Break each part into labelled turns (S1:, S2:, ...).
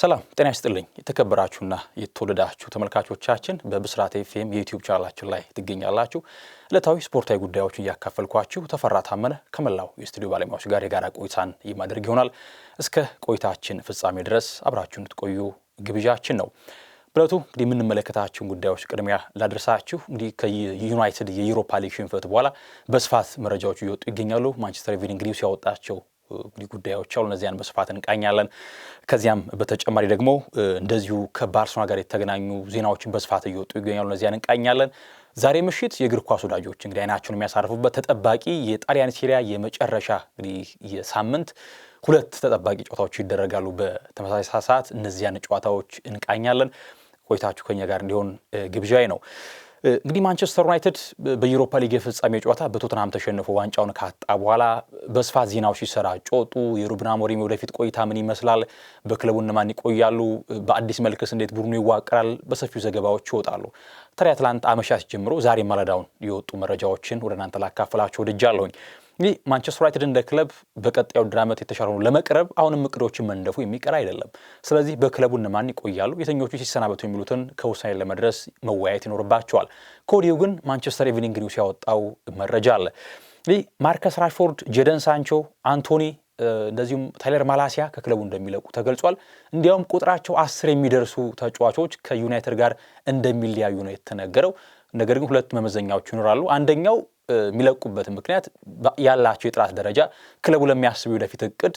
S1: ሰላም ጤና ይስጥልኝ። የተከበራችሁና የተወለዳችሁ ተመልካቾቻችን በብስራት ኤፍኤም የዩትዩብ ቻናላችን ላይ ትገኛላችሁ። ዕለታዊ ስፖርታዊ ጉዳዮችን እያካፈልኳችሁ ተፈራ ታመነ ከመላው የስቱዲዮ ባለሙያዎች ጋር የጋራ ቆይታን የማድረግ ይሆናል። እስከ ቆይታችን ፍጻሜ ድረስ አብራችሁን ትቆዩ ግብዣችን ነው። ብለቱ እንግዲህ የምንመለከታችሁን ጉዳዮች ቅድሚያ ላደርሳችሁ። እንግዲህ ከዩናይትድ የዩሮፓ ሊግ ሽንፈት በኋላ በስፋት መረጃዎች እየወጡ ይገኛሉ። ማንቸስተር ዩናይትድ እንግዲህ ሲያወጣቸው እንግዲህ ጉዳዮች አሉ። እነዚያን በስፋት እንቃኛለን። ከዚያም በተጨማሪ ደግሞ እንደዚሁ ከባርሴሎና ጋር የተገናኙ ዜናዎችን በስፋት እየወጡ ይገኛሉ። እነዚያን እንቃኛለን። ዛሬ ምሽት የእግር ኳስ ወዳጆች እንግዲህ አይናቸውን የሚያሳርፉበት ተጠባቂ የጣሊያን ሲሪያ የመጨረሻ እንግዲህ የሳምንት ሁለት ተጠባቂ ጨዋታዎች ይደረጋሉ በተመሳሳይ ሰዓት። እነዚያን ጨዋታዎች እንቃኛለን። ቆይታችሁ ከኛ ጋር እንዲሆን ግብዣዬ ነው። እንግዲህ ማንቸስተር ዩናይትድ በዩሮፓ ሊግ የፍጻሜ ጨዋታ በቶትናም ተሸንፎ ዋንጫውን ካጣ በኋላ በስፋት ዜናው ሲሰራ ጮጡ የሩበን አሞሪም ወደፊት ቆይታ ምን ይመስላል? በክለቡ እነማን ይቆያሉ? በአዲስ መልክስ እንዴት ቡድኑ ይዋቀራል? በሰፊው ዘገባዎች ይወጣሉ። ታዲያ ትላንት አመሻሽ ጀምሮ ዛሬ ማለዳውን የወጡ መረጃዎችን ወደ እናንተ ላካፍላችሁ ወድጃለሁኝ። እንግዲህ ማንቸስተር ዩናይትድ እንደ ክለብ በቀጣዩ ድር ዓመት የተሻለ ሆኖ ለመቅረብ አሁንም እቅዶችን መንደፉ የሚቀር አይደለም። ስለዚህ በክለቡ እነማን ይቆያሉ፣ የትኞቹ ሲሰናበቱ የሚሉትን ከውሳኔ ለመድረስ መወያየት ይኖርባቸዋል። ከወዲሁ ግን ማንቸስተር ኢቭኒንግ ኒውስ ያወጣው መረጃ አለ። እንግዲህ ማርከስ ራሽፎርድ፣ ጀደን ሳንቾ፣ አንቶኒ እንደዚሁም ታይለር ማላሲያ ከክለቡ እንደሚለቁ ተገልጿል። እንዲያውም ቁጥራቸው አስር የሚደርሱ ተጫዋቾች ከዩናይትድ ጋር እንደሚለያዩ ነው የተነገረው። ነገር ግን ሁለት መመዘኛዎች ይኖራሉ። አንደኛው የሚለቁበት ምክንያት ያላቸው የጥራት ደረጃ ክለቡ ለሚያስብ ወደፊት እቅድ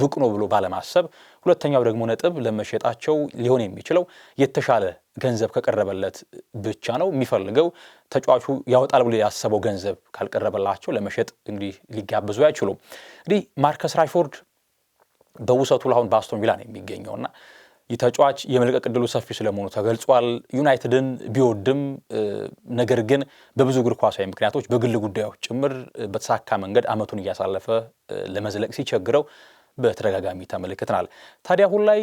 S1: ብቁ ነው ብሎ ባለማሰብ፣ ሁለተኛው ደግሞ ነጥብ ለመሸጣቸው ሊሆን የሚችለው የተሻለ ገንዘብ ከቀረበለት ብቻ ነው የሚፈልገው። ተጫዋቹ ያወጣል ብሎ ያሰበው ገንዘብ ካልቀረበላቸው ለመሸጥ እንግዲህ ሊጋብዙ አይችሉም። እንግዲህ ማርከስ ራሽፎርድ በውሰቱ አሁን በአስቶን ቪላ ነው የሚገኘውና ተጫዋች የመልቀቅ ዕድሉ ሰፊ ስለመሆኑ ተገልጿል። ዩናይትድን ቢወድም ነገር ግን በብዙ እግር ኳሳዊ ምክንያቶች በግል ጉዳዮች ጭምር በተሳካ መንገድ ዓመቱን እያሳለፈ ለመዝለቅ ሲቸግረው በተደጋጋሚ ተመልክተናል። ታዲያ አሁን ላይ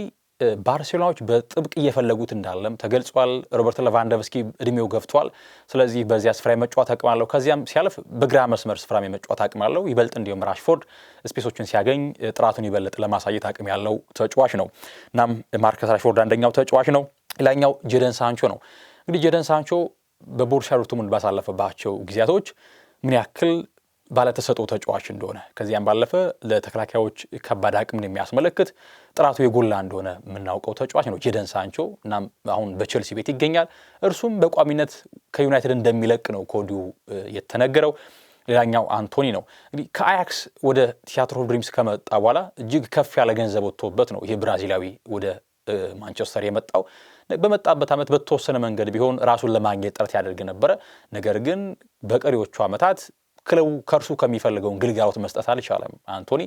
S1: ባርሴሎናዎች በጥብቅ እየፈለጉት እንዳለም ተገልጿል። ሮበርት ሌቫንዶቭስኪ እድሜው ገብቷል። ስለዚህ በዚያ ስፍራ የመጫወት አቅም አለው። ከዚያም ሲያልፍ በግራ መስመር ስፍራ የመጫወት አቅም አለው። ይበልጥ እንዲሁም ራሽፎርድ ስፔሶችን ሲያገኝ ጥራቱን ይበልጥ ለማሳየት አቅም ያለው ተጫዋች ነው። እናም ማርከስ ራሽፎርድ አንደኛው ተጫዋች ነው። ሌላኛው ጀደን ሳንቾ ነው። እንግዲህ ጀደን ሳንቾ በቦርሻ ዶርትሙንድ ባሳለፈባቸው ጊዜያቶች ምን ያክል ባለተሰጥኦ ተጫዋች እንደሆነ ከዚያም ባለፈ ለተከላካዮች ከባድ አቅምን የሚያስመለክት ጥራቱ የጎላ እንደሆነ የምናውቀው ተጫዋች ነው ጄደን ሳንቾ። እናም አሁን በቼልሲ ቤት ይገኛል። እርሱም በቋሚነት ከዩናይትድ እንደሚለቅ ነው ከወዲሁ የተነገረው። ሌላኛው አንቶኒ ነው። እንግዲህ ከአያክስ ወደ ቲያትር ኦፍ ድሪምስ ከመጣ በኋላ እጅግ ከፍ ያለ ገንዘብ ወጥቶበት ነው ይህ ብራዚላዊ ወደ ማንቸስተር የመጣው። በመጣበት ዓመት በተወሰነ መንገድ ቢሆን ራሱን ለማግኘት ጥረት ያደርግ ነበረ። ነገር ግን በቀሪዎቹ ዓመታት ክለቡ ከእርሱ ከሚፈልገውን ግልጋሎት መስጠት አልቻለም አንቶኒ።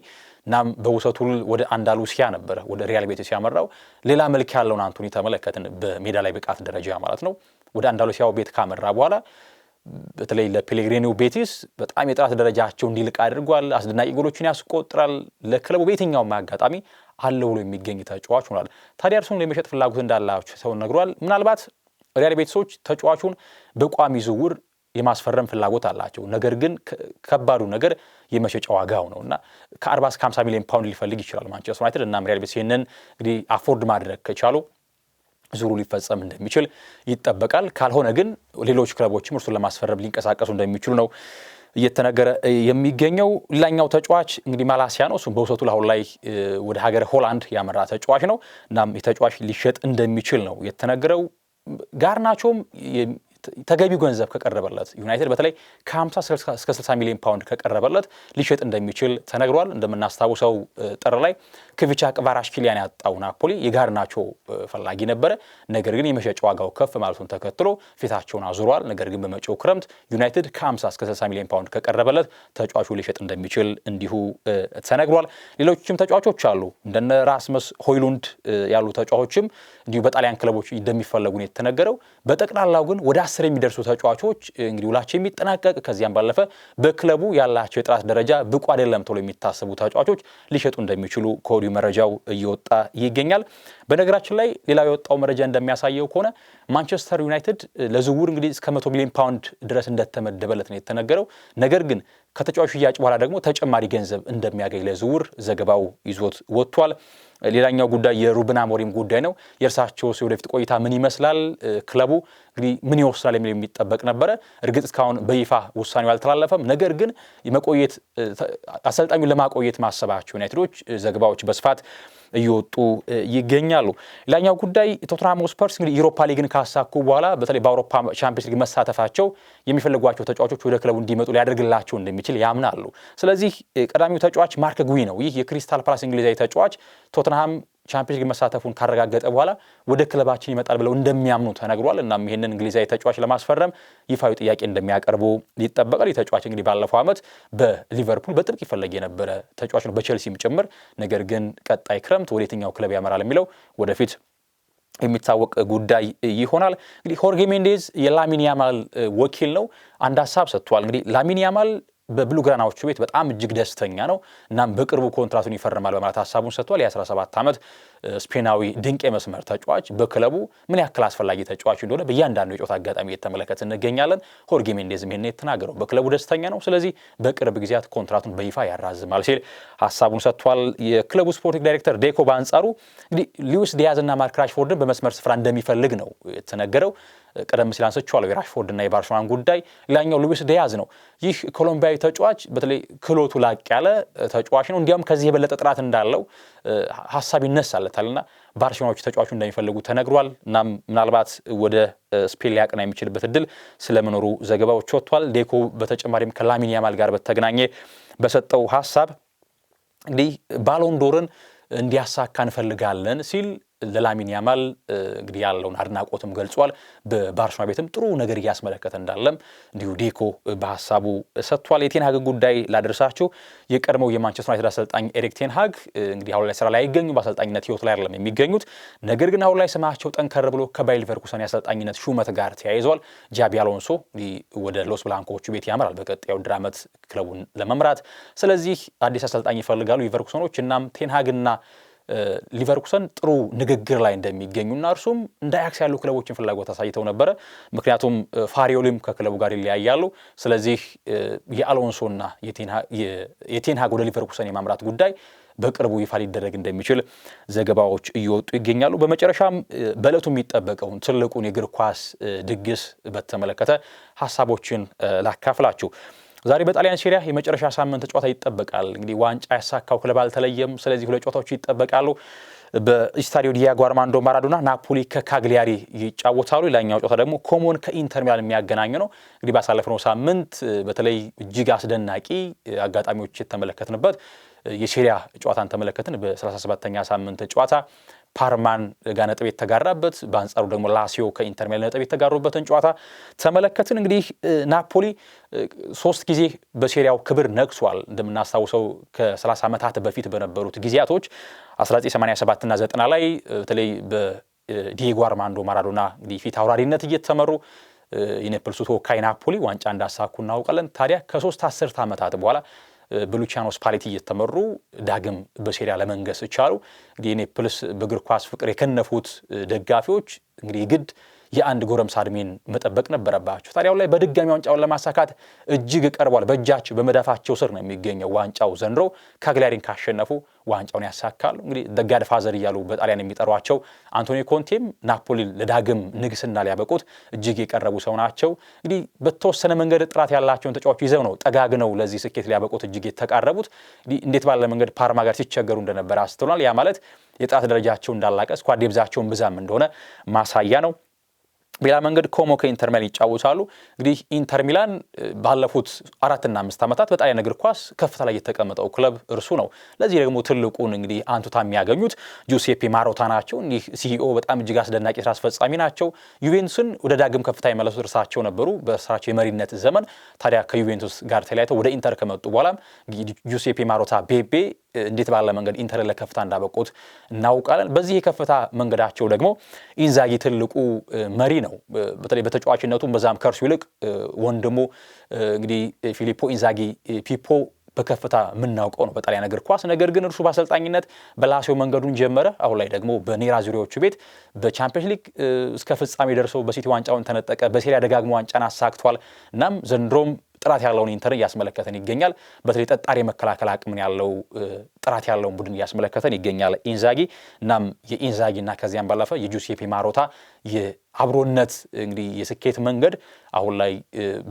S1: እናም በውሰቱ ወደ አንዳሉሲያ ነበረ ወደ ሪያል ቤቲስ ያመራው። ሌላ መልክ ያለውን አንቶኒ ተመለከትን፣ በሜዳ ላይ ብቃት ደረጃ ማለት ነው። ወደ አንዳሉሲያው ቤት ካመራ በኋላ በተለይ ለፔሌግሪኒው ቤቲስ በጣም የጥራት ደረጃቸው እንዲልቅ አድርጓል። አስደናቂ ጎሎችን ያስቆጥራል። ለክለቡ በየትኛውም አጋጣሚ አለ ብሎ የሚገኝ ተጫዋች ሆኗል። ታዲያ እርሱን የመሸጥ ፍላጎት እንዳላቸው ሰው ነግሯል። ምናልባት ሪያል ቤቲሶች ተጫዋቹን በቋሚ ዝውውር የማስፈረም ፍላጎት አላቸው። ነገር ግን ከባዱ ነገር የመሸጫ ዋጋው ነው እና ከ40 እስከ 50 ሚሊዮን ፓውንድ ሊፈልግ ይችላል ማንቸስተር ዩናይትድ እና ሪያል ቤቲስ ይህንን እንግዲህ አፎርድ ማድረግ ከቻሉ ዙሩ ሊፈጸም እንደሚችል ይጠበቃል። ካልሆነ ግን ሌሎች ክለቦችም እርሱን ለማስፈረም ሊንቀሳቀሱ እንደሚችሉ ነው እየተነገረ የሚገኘው። ሌላኛው ተጫዋች እንግዲህ ማላሲያ ነው። እሱም በውሰቱ ለአሁን ላይ ወደ ሀገር ሆላንድ ያመራ ተጫዋች ነው። እናም የተጫዋች ሊሸጥ እንደሚችል ነው የተነገረው። ጋርናቾም ተገቢው ገንዘብ ከቀረበለት ዩናይትድ በተለይ ከ50 እስከ 60 ሚሊዮን ፓውንድ ከቀረበለት ሊሸጥ እንደሚችል ተነግሯል። እንደምናስታውሰው ጥር ላይ ክቪቻ ኪሊያን ያጣው ናፖሊ የጋርናቾ ፈላጊ ነበረ። ነገር ግን የመሸጭ ዋጋው ከፍ ማለቱን ተከትሎ ፊታቸውን አዙሯል። ነገር ግን በመጪው ክረምት ዩናይትድ ከ50 እስከ 60 ሚሊዮን ፓውንድ ከቀረበለት ተጫዋቹ ሊሸጥ እንደሚችል እንዲሁ ተነግሯል። ሌሎችም ተጫዋቾች አሉ እንደነ ራስመስ ሆይሉንድ ያሉ ተጫዋቾችም እንዲሁ በጣሊያን ክለቦች እንደሚፈለጉ ነው የተነገረው። በጠቅላላው ግን ወደ አስር የሚደርሱ ተጫዋቾች እንግዲህ ውላቸው የሚጠናቀቅ ከዚያም ባለፈ በክለቡ ያላቸው የጥራት ደረጃ ብቁ አይደለም ተብሎ የሚታሰቡ ተጫዋቾች ሊሸጡ እንደሚችሉ ከወዲሁ መረጃው እየወጣ ይገኛል። በነገራችን ላይ ሌላው የወጣው መረጃ እንደሚያሳየው ከሆነ ማንቸስተር ዩናይትድ ለዝውውር እንግዲህ እስከ መቶ ሚሊዮን ፓውንድ ድረስ እንደተመደበለት ነው የተነገረው። ነገር ግን ከተጫዋቹ ሽያጭ በኋላ ደግሞ ተጨማሪ ገንዘብ እንደሚያገኝ ለዝውውር ዘገባው ይዞት ወጥቷል። ሌላኛው ጉዳይ የሩበን አሞሪም ጉዳይ ነው። የእርሳቸውስ የወደፊት ቆይታ ምን ይመስላል? ክለቡ እንግዲህ ምን ይወስናል የሚል የሚጠበቅ ነበረ። እርግጥ እስካሁን በይፋ ውሳኔው አልተላለፈም። ነገር ግን መቆየት አሰልጣኙን ለማቆየት ማሰባቸው ዩናይትዶች ዘገባዎች በስፋት እየወጡ ይገኛሉ። ሌላኛው ጉዳይ ቶትናም ስፐርስ እንግዲህ ዩሮፓ ሊግን ካሳኩ በኋላ በተለይ በአውሮፓ ቻምፒየንስ ሊግ መሳተፋቸው የሚፈልጓቸው ተጫዋቾች ወደ ክለቡ እንዲመጡ ሊያደርግላቸው እንደሚችል ያምናሉ። ስለዚህ ቀዳሚው ተጫዋች ማርክ ጉይ ነው። ይህ የክሪስታል ፓላስ እንግሊዛዊ ተጫዋች ቶትናም ቻምፒዮንስ ሊግ መሳተፉን ካረጋገጠ በኋላ ወደ ክለባችን ይመጣል ብለው እንደሚያምኑ ተነግሯል። እናም ይህንን እንግሊዛዊ ተጫዋች ለማስፈረም ይፋዊ ጥያቄ እንደሚያቀርቡ ይጠበቃል። ይህ ተጫዋች እንግዲህ ባለፈው ዓመት በሊቨርፑል በጥብቅ ይፈለግ የነበረ ተጫዋች ነው፣ በቼልሲም ጭምር። ነገር ግን ቀጣይ ክረምት ወደ የትኛው ክለብ ያመራል የሚለው ወደፊት የሚታወቅ ጉዳይ ይሆናል። እንግዲህ ሆርጌ ሜንዴዝ የላሚን ያማል ወኪል ነው። አንድ ሀሳብ ሰጥቷል። እንግዲህ ላሚን ያማል በብሉግራናዎቹ ቤት በጣም እጅግ ደስተኛ ነው። እናም በቅርቡ ኮንትራቱን ይፈርማል በማለት ሀሳቡን ሰጥቷል። የ17 ዓመት ስፔናዊ ድንቅ የመስመር ተጫዋች በክለቡ ምን ያክል አስፈላጊ ተጫዋች እንደሆነ በእያንዳንዱ የጨዋታ አጋጣሚ እየተመለከት እንገኛለን። ሆርጌ ሜንዴዝም ይህን የተናገረው በክለቡ ደስተኛ ነው፣ ስለዚህ በቅርብ ጊዜያት ኮንትራቱን በይፋ ያራዝማል ሲል ሀሳቡን ሰጥቷል። የክለቡ ስፖርቲንግ ዳይሬክተር ዴኮ በአንጻሩ እንግዲህ ሉዊስ ዲያዝ እና ማርክ ራሽፎርድን በመስመር ስፍራ እንደሚፈልግ ነው የተነገረው። ቀደም ሲል አንስቼዋለሁ የራሽፎርድ እና የባርሽማን ጉዳይ። ሌላኛው ሉዊስ ዲያዝ ነው። ይህ ኮሎምቢያዊ ተጫዋች በተለይ ክህሎቱ ላቅ ያለ ተጫዋች ነው። እንዲያውም ከዚህ የበለጠ ጥራት እንዳለው ሀሳብ ይነሳለታል እና ባርሴሎናዎች ተጫዋቹ እንደሚፈልጉ ተነግሯል። እናም ምናልባት ወደ ስፔን ሊያቀና የሚችልበት እድል ስለመኖሩ ዘገባዎች ወጥቷል። ዴኮ በተጨማሪም ከላሚን ያማል ጋር በተገናኘ በሰጠው ሀሳብ እንግዲህ ባሎንዶርን እንዲያሳካ እንፈልጋለን ሲል ለላሚን ያማል እንግዲህ ያለውን አድናቆትም ገልጿል። በባርሻ ቤትም ጥሩ ነገር እያስመለከተ እንዳለም እንዲሁ ዴኮ በሀሳቡ ሰጥቷል። የቴን ጉዳይ ላደርሳችሁ። የቀድሞው የማንቸስተር ዩናይትድ አሰልጣኝ ኤሪክ ቴንሃግ እንግዲህ አሁን ላይ ስራ ላይ አይገኙ በአሰልጣኝነት ህይወት ላይ አይደለም የሚገኙት። ነገር ግን አሁን ላይ ስማቸው ጠንከር ብሎ ከባየር ሌቨርኩሰን የአሰልጣኝነት ሹመት ጋር ተያይዟል። ጃቢ አሎንሶ ወደ ሎስ ብላንኮቹ ቤት ያመራል በቀጣዩ ድር ዓመት ክለቡን ለመምራት። ስለዚህ አዲስ አሰልጣኝ ይፈልጋሉ ሌቨርኩሰኖች። እናም ቴን ሊቨርኩሰን ጥሩ ንግግር ላይ እንደሚገኙና እርሱም እንደ አያክስ ያሉ ክለቦችን ፍላጎት አሳይተው ነበረ። ምክንያቱም ፋሪዮሊም ከክለቡ ጋር ይለያያሉ። ስለዚህ የአሎንሶና የቴንሃግ ወደ ሊቨርኩሰን የማምራት ጉዳይ በቅርቡ ይፋ ሊደረግ እንደሚችል ዘገባዎች እየወጡ ይገኛሉ። በመጨረሻም በእለቱ የሚጠበቀውን ትልቁን የእግር ኳስ ድግስ በተመለከተ ሀሳቦችን ላካፍላችሁ። ዛሬ በጣሊያን ሴሪያ የመጨረሻ ሳምንት ጨዋታ ይጠበቃል። እንግዲህ ዋንጫ ያሳካው ክለብ አልተለየም። ስለዚህ ሁለት ጨዋታዎች ይጠበቃሉ። በስታዲዮ ዲያጎ አርማንዶ ማራዶና ናፖሊ ከካግሊያሪ ይጫወታሉ። ሌላኛው ጨዋታ ደግሞ ኮሞን ከኢንተር ሚላን የሚያገናኝ ነው። እንግዲህ ባሳለፍነው ሳምንት በተለይ እጅግ አስደናቂ አጋጣሚዎች የተመለከትንበት የሴሪያ ጨዋታን ተመለከትን። በ37ኛ ሳምንት ጨዋታ ፓርማን ጋር ነጥብ የተጋራበት በአንጻሩ ደግሞ ላሲዮ ከኢንተር ሚላን ነጥብ የተጋሩበትን ጨዋታ ተመለከትን። እንግዲህ ናፖሊ ሶስት ጊዜ በሴሪያው ክብር ነግሷል። እንደምናስታውሰው ከ30 ዓመታት በፊት በነበሩት ጊዜያቶች 1987 ና 90 ላይ በተለይ በዲዬጎ አርማንዶ ማራዶና እንግዲህ ፊት አውራሪነት እየተመሩ የኔፕልሱ ተወካይ ናፖሊ ዋንጫ እንዳሳኩ እናውቃለን። ታዲያ ከሶስት አስርት ዓመታት በኋላ በሉቺያኖ ስፓሌቲ እየተመሩ ዳግም በሴሪያ ለመንገስ ቻሉ። እንግዲህ ኔፕልስ በእግር ኳስ ፍቅር የከነፉት ደጋፊዎች እንግዲህ ግድ የአንድ ጎረምሳ እድሜን መጠበቅ ነበረባቸው። ታዲያው ላይ በድጋሚ ዋንጫውን ለማሳካት እጅግ ቀርቧል። በእጃቸው በመዳፋቸው ስር ነው የሚገኘው ዋንጫው። ዘንድሮ ካግሊያሪን ካሸነፉ ዋንጫውን ያሳካሉ። እንግዲህ ደጋድ ፋዘር እያሉ በጣሊያን የሚጠሯቸው አንቶኒ ኮንቴም ናፖሊን ለዳግም ንግስና ሊያበቁት እጅግ የቀረቡ ሰው ናቸው። እንግዲህ በተወሰነ መንገድ ጥራት ያላቸውን ተጫዋች ይዘው ነው ጠጋግነው ለዚህ ስኬት ሊያበቁት እጅግ የተቃረቡት። እንዴት ባለ መንገድ ፓርማ ጋር ሲቸገሩ እንደነበረ አስተውሏል። ያ ማለት የጥራት ደረጃቸው እንዳላቀ ስኳድ ደብዛቸውን ብዛም እንደሆነ ማሳያ ነው። በሌላ መንገድ ኮሞ ከኢንተር ሚላን ይጫወታሉ። እንግዲህ ኢንተር ሚላን ባለፉት አራትና አምስት ዓመታት በጣሊያን እግር ኳስ ከፍታ ላይ የተቀመጠው ክለብ እርሱ ነው። ለዚህ ደግሞ ትልቁን እንግዲህ አንቱታ የሚያገኙት ጁሴፔ ማሮታ ናቸው። እንዲህ ሲኢኦ በጣም እጅግ አስደናቂ ስራ አስፈጻሚ ናቸው። ዩቬንቱስን ወደ ዳግም ከፍታ የመለሱት እርሳቸው ነበሩ በስራቸው የመሪነት ዘመን። ታዲያ ከዩቬንቱስ ጋር ተለያይተው ወደ ኢንተር ከመጡ በኋላም ጁሴፔ ማሮታ ቤቤ እንዴት ባለ መንገድ ኢንተር ለከፍታ እንዳበቁት እናውቃለን። በዚህ የከፍታ መንገዳቸው ደግሞ ኢንዛጊ ትልቁ መሪ ነው። በተለይ በተጫዋችነቱም በዛም ከእርሱ ይልቅ ወንድሙ እንግዲህ ፊሊፖ ኢንዛጊ ፒፖ በከፍታ የምናውቀው ነው በጣሊያን እግር ኳስ። ነገር ግን እርሱ በአሰልጣኝነት በላሲዮ መንገዱን ጀመረ። አሁን ላይ ደግሞ በኔራ ዙሪዎቹ ቤት በቻምፒየንስ ሊግ እስከ ፍጻሜ ደርሰው በሲቲ ዋንጫውን ተነጠቀ። በሴሪያ ደጋግሞ ዋንጫን አሳክቷል። እናም ዘንድሮም ጥራት ያለውን ኢንተር እያስመለከተን ይገኛል። በተለይ ጠጣሪ የመከላከል አቅምን ያለው ጥራት ያለውን ቡድን እያስመለከተን ይገኛል ኢንዛጊ። እናም እና ከዚያም ባለፈ የጁሴፔ ማሮታ የአብሮነት እንግዲህ የስኬት መንገድ አሁን ላይ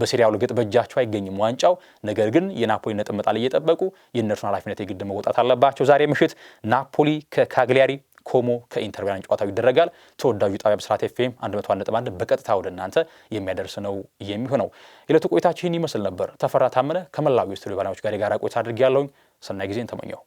S1: በሴሪያው ልግጥ በእጃቸው አይገኝም ዋንጫው። ነገር ግን የናፖሊ ነጥብ መጣል እየጠበቁ የእነርሱን ኃላፊነት የግድ መወጣት አለባቸው። ዛሬ ምሽት ናፖሊ ከካግሊያሪ ኮሞ ከኢንተር ሚላን ጨዋታው ይደረጋል። ተወዳጁ ጣቢያ ብስራት ኤፍኤም 101.1 በቀጥታ ወደ እናንተ የሚያደርስ ነው የሚሆነው። የዕለቱ ቆይታችን ይመስል ነበር። ተፈራ ታመነ ከመላዊ ስቱዲዮ ባለሙያዎች ጋር የጋራ ቆይታ አድርጌ ያለውኝ። ሰናይ ጊዜን ተመኘው።